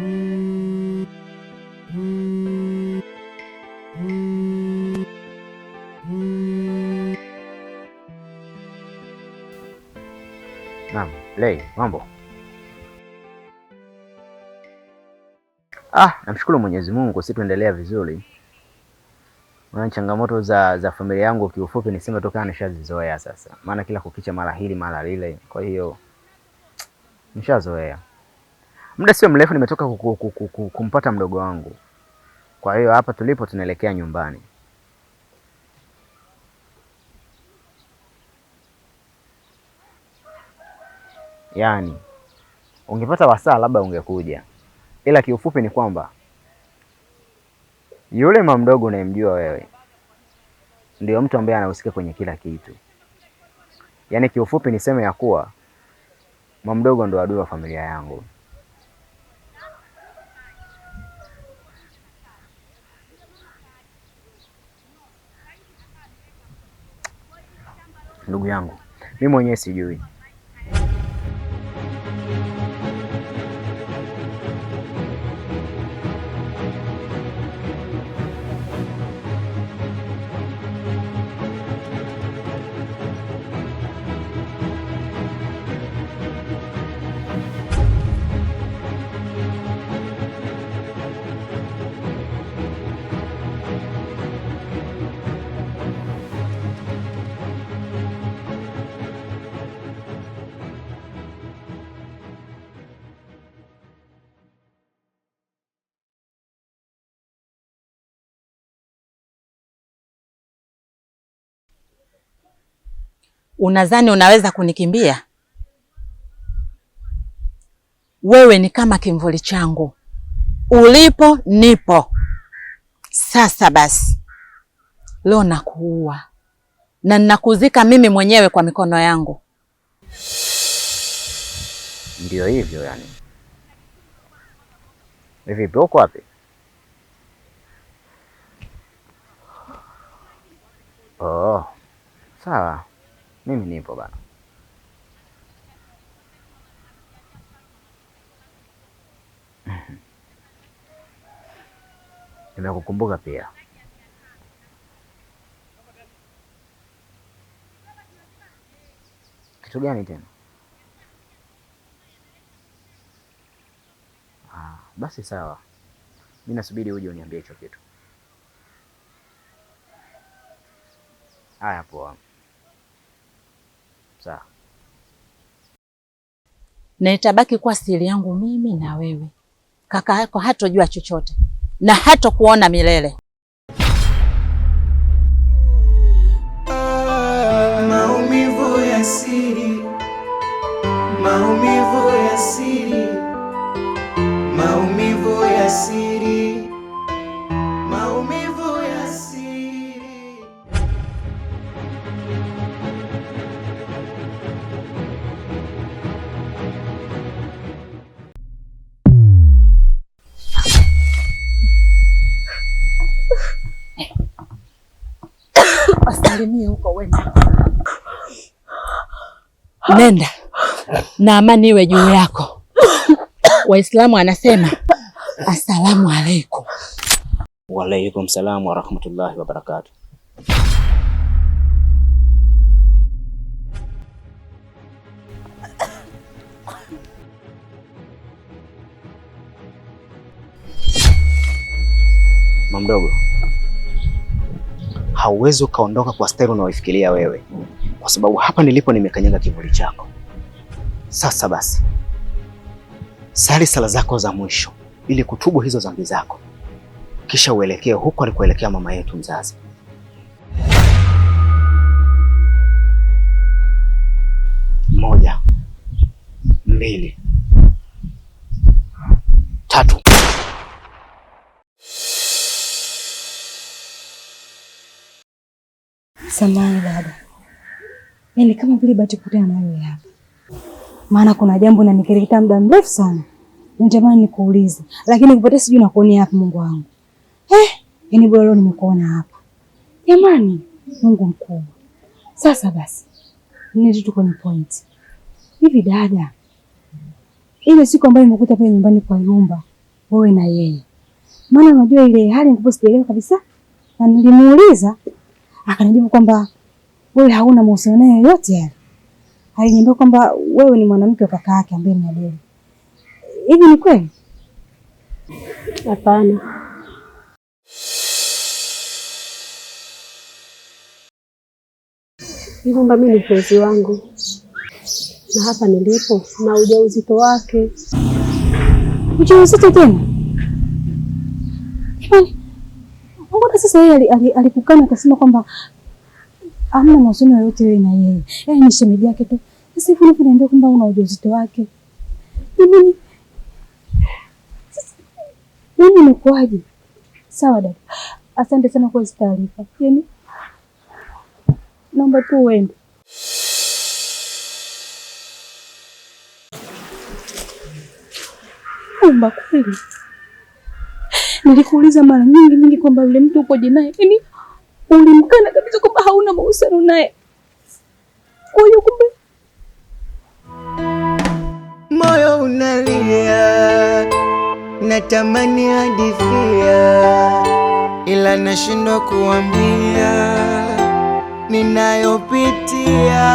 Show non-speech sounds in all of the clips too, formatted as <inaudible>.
Naam, lei mambo. Ah, namshukuru Mwenyezi Mungu, si tuendelea vizuri. Maana changamoto za za familia yangu kiufupi nisema tokana nishazizoea sasa, maana kila kukicha mara hili mara lile, kwa hiyo nishazoea. Muda sio mrefu nimetoka kumpata mdogo wangu, kwa hiyo hapa tulipo tunaelekea nyumbani. Yaani ungepata wasaa labda ungekuja, ila kiufupi ni kwamba yule mama mdogo unayemjua wewe ndio mtu ambaye anahusika kwenye kila kitu. Yaani kiufupi niseme ya kuwa mama mdogo ndo adui wa familia yangu. ndugu yangu, mimi mwenyewe sijui. Unadhani unaweza kunikimbia? Wewe ni kama kimvuli changu, ulipo nipo. Sasa basi, leo nakuua na ninakuzika mimi mwenyewe kwa mikono yangu. Ndio hivyo yani. Hivi uko wapi? Oh, sawa mimi nipo bana. <laughs> Nimekukumbuka pia. Kitu gani tena? Ah, basi sawa, mi nasubiri uje uniambie hicho kitu. Haya, poa. Sawa. Na itabaki kuwa siri yangu mimi na wewe. Kaka yako hatojua chochote na hatokuona milele. Maumivu ya siri, maumivu ya siri, maumivu ya siri. Nenda na amani iwe juu yako. Waislamu anasema assalamu alaikum. Waalaikum salamu warahmatullahi barakatuh. Mamdogo, hauwezi ukaondoka kwa stari unaoifikiria wewe kwa sababu hapa nilipo nimekanyaga kivuli chako. Sasa basi, sali sala zako za mwisho ili kutubu hizo dhambi zako, kisha uelekee huko alikuelekea mama yetu mzazi. Moja, mbili, tatu. Samahani baba. Yaani kama vile bahati na wewe hapa. Maana kuna jambo na nanikeleketa muda mrefu sana. Nitamani nikuulize, lakini kupotea sijui nakuonea hapa Mungu wangu. Eh, yaani bora leo nimekuona hapa. Jamani, Mungu mkubwa. Sasa basi. Nini tu kwenye point. Hivi dada. Ile siku ambayo nimekuta pale nyumbani kwa Yumba, wewe na yeye. Maana unajua ile hali nikupo sijaelewa kabisa. Na nilimuuliza akanijibu kwamba wewe hauna mahusiano naye yoyote yale. Aliniambia kwamba wewe ni mwanamke wa kaka yake ambaye ni Adele. Hivi ni kweli? Hapana. Mgumba, mimi ni mpenzi wangu, na hapa nilipo na ujauzito wake. Ujauzito tena? Mbona sasa yeye alikukana akasema kwamba hamna mahusiano yoyote wewe na yeye, yeye ni shemeji yake tu. Sasa hivi unaniambia kwamba una ujauzito wake, mimi nikuaje? Sawa dada, asante sana kwa hizo taarifa, yaani naomba tu uende. Kweli nilikuuliza mara nyingi nyingi kwamba yule mtu ukoje naye, yaani ulimkana kabisa kwamba hauna mahusiano naye. Kwa hiyo kumbe moyo unalia, natamani hadithia, ila nashindwa kuambia ninayopitia.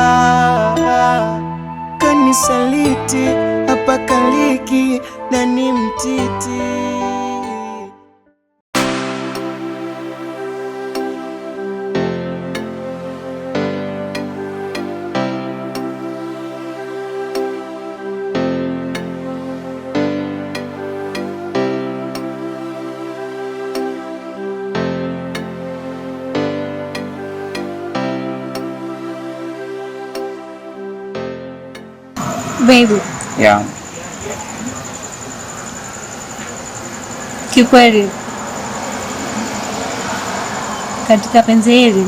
Kanisaliti hapa kaliki na ni mtiti Baby. Yeah. Kikweli katika penzi hili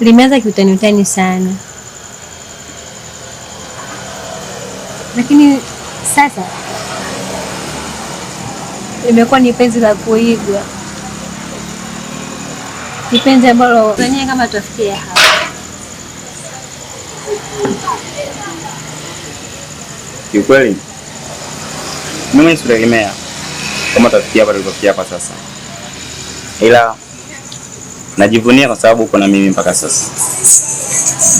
limeanza kiutani utani sana, lakini sasa limekuwa ni penzi la kuigwa, ni penzi ambalo wenyewe kama tuafikia hapa Kiukweli mimi sikutegemea kama tafikia hapa tulipofikia hapa sasa, ila najivunia kwa sababu uko na mimi mpaka sasa.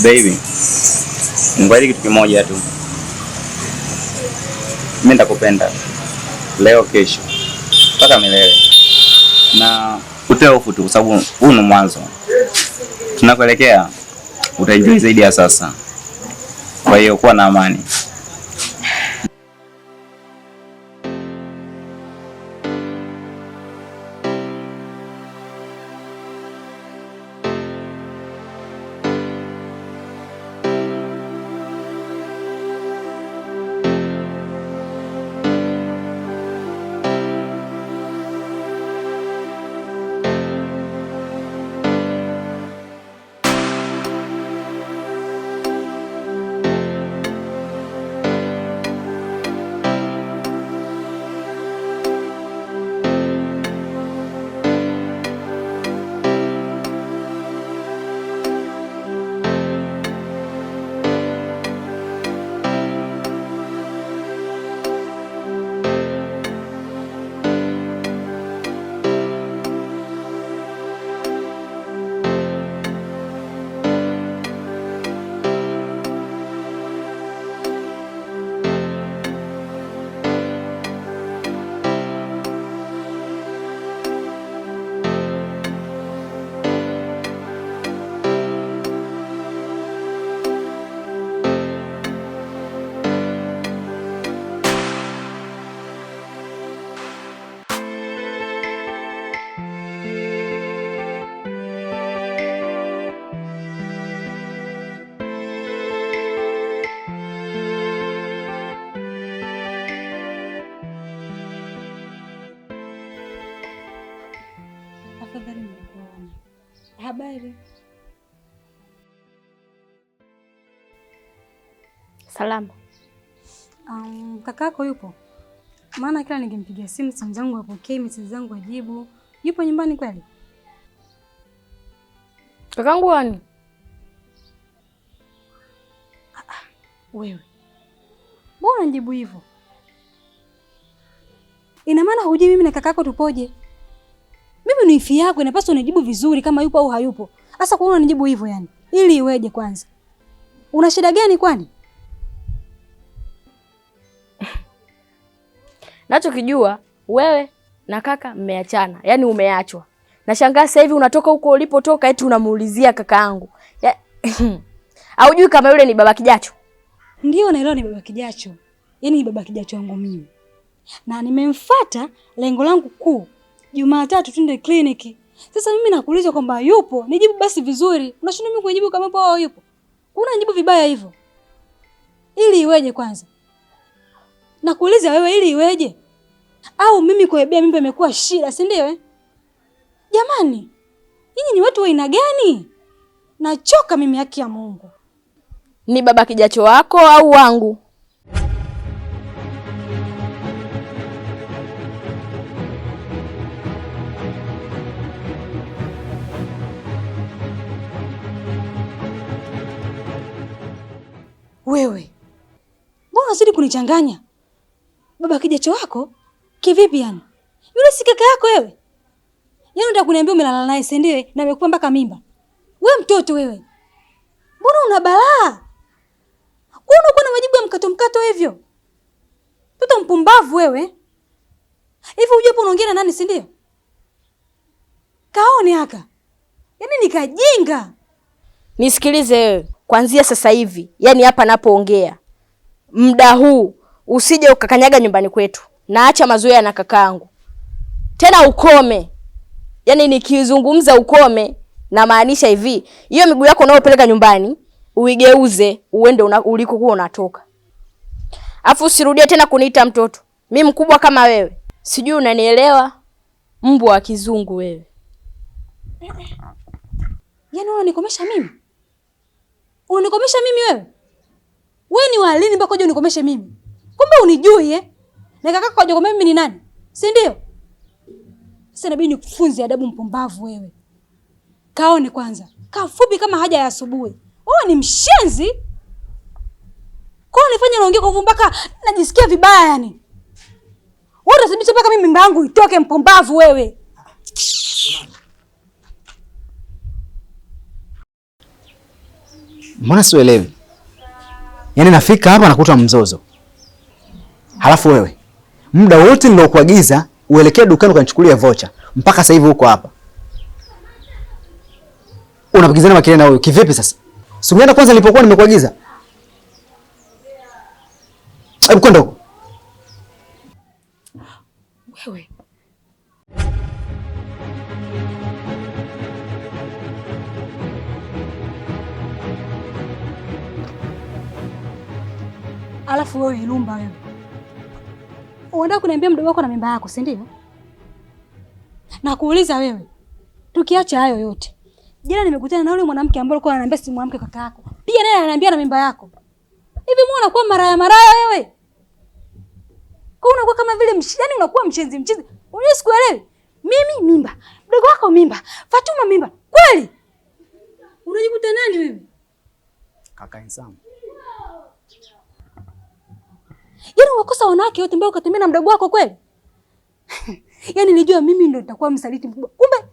Baby, ngwali kitu kimoja tu, mimi nitakupenda leo, kesho, mpaka milele, na utoe hofu tu, kwa sababu huu ni mwanzo, tunakuelekea utaenjoy zaidi ya sasa kwa hiyo kuwa na amani. Salama. Um, kakako yupo? Maana kila nikimpigia simu simu zangu hapokei, message zangu ajibu. Yupo nyumbani kweli? Kakangu wani? Ah, ah wewe. Mbona unajibu hivyo? Ina maana hujui mimi na kakako tupoje? Mimi ni ifi yako, inapaswa unijibu vizuri kama yupo au hayupo. Sasa kwa nini unanijibu hivyo yani? Ili iweje kwanza? Una shida gani kwani? nachokijua wewe na kaka mmeachana, yani umeachwa. Nashangaa sasa hivi unatoka huko ulipotoka eti unamuulizia kaka yangu ya... <clears throat> aujui kama yule ni baba kijacho? Ndio, naelewa ni baba kijacho, yani ni baba kijacho wangu mimi, na nimemfuata lengo langu kuu, Jumatatu twende kliniki. Sasa mimi nakuuliza kwamba yupo, nijibu basi vizuri, Unashindwa mimi kujibu kama hapo yupo. Kuna nijibu vibaya hivyo, ili iweje? Kwanza nakuuliza wewe, ili iweje? au mimi kuebea mimba imekuwa shida, si ndio eh? Jamani, nyinyi ni watu wa aina gani? Nachoka mimi, haki ya Mungu. Ni baba kijacho wako au wangu? Wewe mbona unazidi kunichanganya? Baba kijacho wako Kivipi yani? Yule si kaka yako wewe? Yaani unataka kuniambia umelala naye si ndio? Na amekupa mpaka mimba. Wewe mtoto wewe. Mbona una balaa? Wewe unakuwa na majibu ya mkato mkato hivyo. Mtoto mpumbavu wewe. Hivi unajua hapo unaongea na nani si ndio? Kaone haka. Yaani nikajinga. Nisikilize wewe. Kuanzia sasa hivi, yani hapa napoongea, muda huu usije ukakanyaga nyumbani kwetu naacha mazoea na kakaangu. Tena ukome, yani nikizungumza ukome, namaanisha hivi, hiyo miguu yako unayopeleka nyumbani uigeuze uende ulikokuwa unatoka, afu usirudie tena kuniita mtoto. Mi mkubwa kama wewe, sijui unanielewa? Mbwa wa kizungu wewe. Yaani unanikomesha mimi, unanikomesha mimi wewe, Wewe ni walini mpaka uje unikomeshe mimi? Kumbe unijui eh? na kwa jogo mimi ni nani? Si ndio? Sasa inabidi nikufunze adabu, mpumbavu wewe. Kaone kwanza. Kafupi kama haja ya asubuhi. Wewe ni mshenzi. Kwa nifanya naongea kwa uvumba mpaka najisikia vibaya yani. Wewe unasababisha mpaka mimi mbangu itoke, mpumbavu wewe. Mbona sielewi? Yaani nafika hapa nakuta mzozo. Halafu wewe muda wote niliokuagiza uelekee dukani ukanichukulia vocha, mpaka sasa hivi uko hapa unapigizana makelele na huyo kivipi? Sasa siku kwanza nilipokuwa nimekuagiza, hebu kwenda huko wewe. Alafu wewe Ilumba wewe Unataka kuniambia mdogo wako na mimba yako, si ndio? Na kuuliza wewe, tukiacha hayo yote, jana nimekutana na yule mwanamke ambaye alikuwa ananiambia si mwanamke kaka yako, pia naye ananiambia na mimba yako. Hivi mbona unakuwa maraya maraya wewe? Kwa unakuwa kama vile yani unakuwa mchenzi mchenzi. Unajua sikuelewi. Mimi mimba, mdogo wako mimba, Fatuma mimba. Kweli? Unajikuta nani wewe? Kaka Insamu. Yaani unakosa wanawake wote ambao ukatembea na mdogo wako kweli? <laughs> Yaani nijua mimi ndio nitakuwa msaliti mkubwa. Kumbe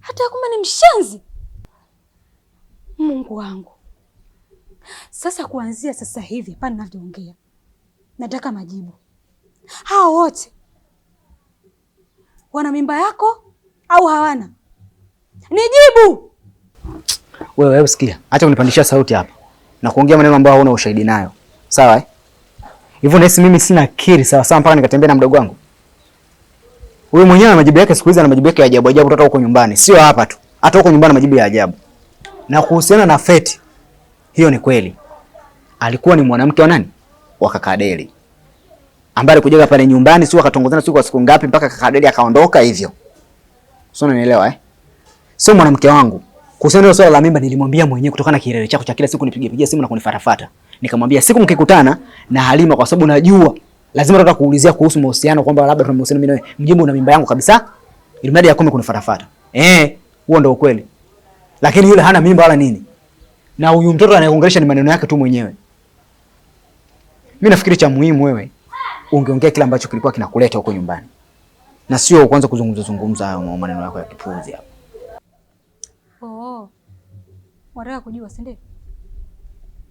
hata kumbe ni mshenzi. Mungu wangu. Sasa kuanzia sasa hivi hapa ninavyoongea. Nataka majibu. Hao wote wana mimba yako au hawana? Nijibu. Wewe, wewe sikia. Acha unipandishia sauti hapa na kuongea maneno ambayo hauna ushahidi nayo sawa eh? Hivyo nahisi mimi sina akili sawa sawa mpaka nikatembea na mdogo wangu huyu mwenyewe, ana majibu yake siku hizi, ana majibu yake ya ajabu ajabu, hata huko nyumbani, sio hapa tu, hata huko nyumbani majibu ya ajabu. Na kuhusiana na Feti, hiyo ni kweli, alikuwa ni mwanamke wa nani, wa Kakadeli ambaye alikuja pale nyumbani, sio akatongozana, sio kwa siku ngapi, mpaka Kakadeli akaondoka. Hivyo sio, unanielewa eh? Sio mwanamke wangu. Kuhusiana na swala la mimba, nilimwambia mwenyewe kutokana na kilele chako cha kila siku nipige pigia simu na kunifarafata. Nikamwambia siku mkikutana na Halima, kwa sababu najua lazima nataka kuulizia kuhusu mahusiano, kwamba labda tuna mahusiano mimi na wewe, mjomba una mimba yangu kabisa, ilimradi ya kome kuna fatafata. Eh, huo ndio ukweli, lakini yule hana mimba wala nini, na huyu mtoto anayeongelesha ni maneno yake tu mwenyewe. Mimi nafikiri cha muhimu wewe ungeongea kile ambacho kilikuwa kinakuleta huko nyumbani na sio kuanza kuzungumza zungumza hayo maneno yako ya kipuzi hapo. Oh, oh. wataka kujua si ndio?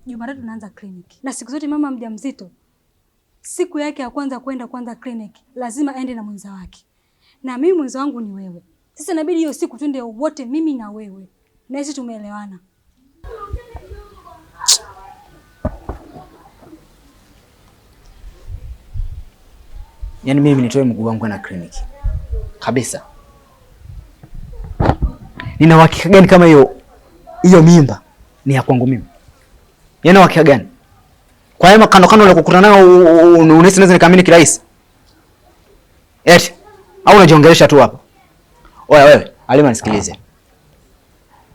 Jumatatu naanza kliniki, na siku zote mama mjamzito siku yake ya kwanza kwenda kwanza kliniki lazima aende na mwenza wake, na mimi mwenza wangu ni wewe. Sasa inabidi hiyo siku twende wote, mimi na wewe, na sisi tumeelewana. Yaani mimi nitoe mguu wangu na kliniki kabisa. Nina uhakika gani kama hiyo hiyo mimba ni ya kwangu mimi? Yana wakia gani? Kwa hiyo makano kando la kukutana nao unahisi naweza nikaamini kirahisi? Eti au unajiongelesha tu hapo? Oya wewe, alima nisikilize.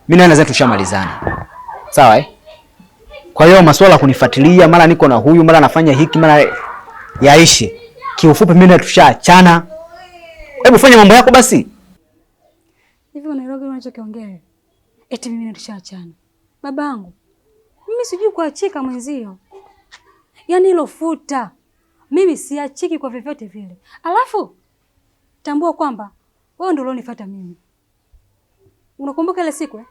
Mimi na nadhani tushamalizana. Sawa eh? Kwa hiyo masuala kunifuatilia mara niko na huyu mara nafanya hiki mara yaishi. Kiufupi mimi na tushaachana. Hebu fanya mambo yako basi. Hivi unaelewa unachokiongea? Eti mimi na tushaachana. Babangu mimi sijui kuachika mwenzio, yaani hilo futa. Mimi siachiki kwa vyovyote vile, alafu tambua kwamba wewe ndio ulionifuata mimi. Unakumbuka ile siku eh?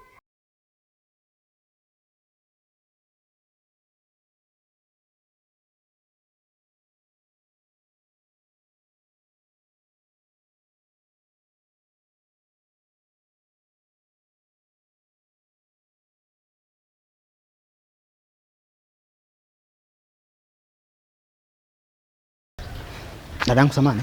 dadangu samani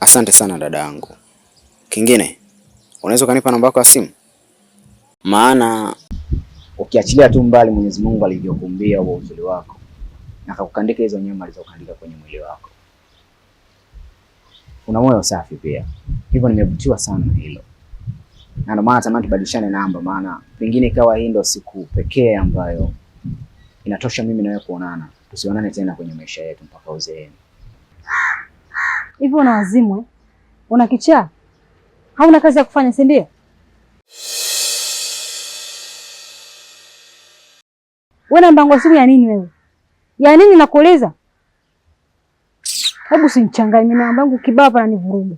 Asante sana dada yangu. Kingine unaweza ukanipa namba yako ya simu, maana ukiachilia tu mbali Mwenyezi Mungu alivyokumbia huo uzuri wako na akakukandika hizo nyama alizokuandika kwenye mwili wako, una moyo safi pia, hivyo nimevutiwa sana na hilo, na ndio maana natamani tubadilishane namba, maana pengine ikawa hii ndio siku pekee ambayo inatosha mimi na wewe kuonana, tusionane tena kwenye maisha yetu mpaka uzeeni. Hivyo una wazimu, eh? una kichaa, hauna kazi ya kufanya, si ndio? Wewe na mpango siku ya nini wewe? Ya nini nakuuliza? Hebu simchanganye mimi na mambo kibao hapa ananivuruga.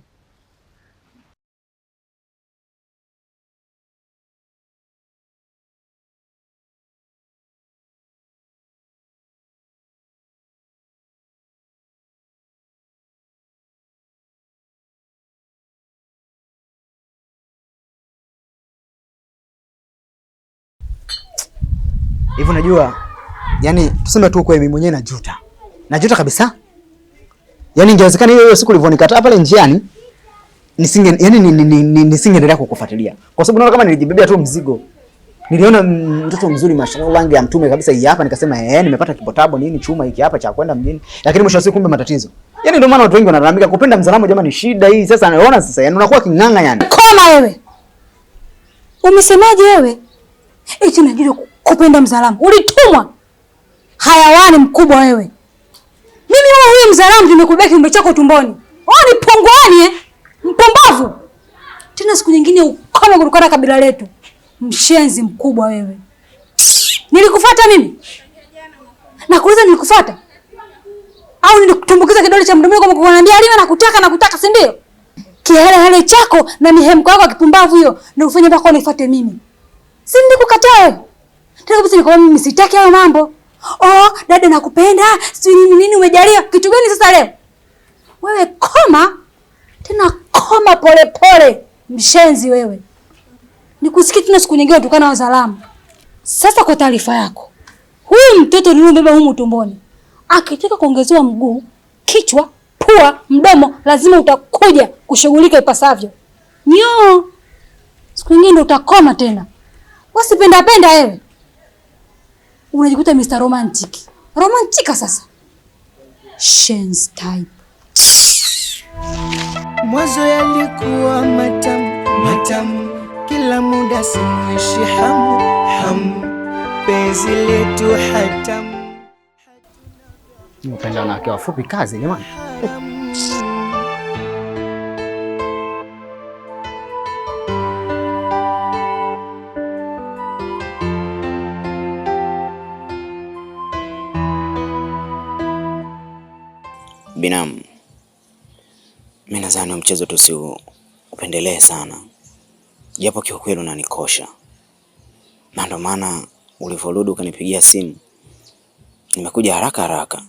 Hivi unajua, yani tuseme tu kweli, mimi mwenyewe najuta, najuta kabisa. Yaani ingewezekana hiyo hiyo siku ulivyonikataa pale njiani nisinge yani ni, ni, ni, ni, nisingeendelea kukufuatilia. Kwa sababu naona kama nilijibebea tu mzigo. Niliona mtoto mzuri mashallah rangi ya mtume kabisa hii hapa nikasema eh, nimepata kipotabo nini chuma hiki hapa cha kwenda mjini. Lakini mwisho wa siku kumbe matatizo. Yaani ndio maana watu wengi wanalalamika kupenda mzalamo jamani, shida hii sasa anaona sasa yani unakuwa kinganga yani. Koma wewe. Umesemaje wewe? Eti najua kupenda mzalamo. Ulitumwa. Hayawani mkubwa wewe. Mimi wewe huyu mzalamu nimekubeba kiumbe chako tumboni. Wewe ni pongwani eh? Mpombavu. Tena siku nyingine ukome kutokana kabila letu. Mshenzi mkubwa wewe. Nilikufuata mimi? Nakuuliza nilikufuata? Au nilikutumbukiza kidole cha mdomo kama kuniambia Alina nakutaka nakutaka si ndio? Kihele hele chako na mihemko yako kipumbavu hiyo ndio ufanye mpaka unifuate mimi. Si nilikukataa wewe? Tena kabisa nikwambia mimi sitaki hayo mambo oh, dada nakupenda, sijui nini nini, umejaliwa kitu gani sasa leo? Wewe koma tena, koma pole. mshenzi wewe. Nikusikia tena siku nyingine utukana wazalamu. Sasa kwa taarifa yako, huyu mtoto nilimbeba humu tumboni akitaka kuongezewa mguu, kichwa, pua, mdomo, lazima utakuja kushughulika ipasavyo. Nyoo, siku nyingine utakoma tena, wasipenda penda wewe unajikuta Mr. Romantic. Romantika sasa. Shen's type. Mwanzo yalikuwa matamu matamu, kila muda simuishi hamu hamu, penzi letu hatamu. Mpendana akiwa fupi kazi jamani. binamu, mi nadhani mchezo tusiupendelee sana, japo kiukweli unanikosha, na ndo maana ulivyorudi ukanipigia simu nimekuja haraka haraka.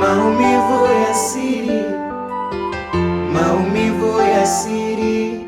maumivu ya siri, maumivu ya siri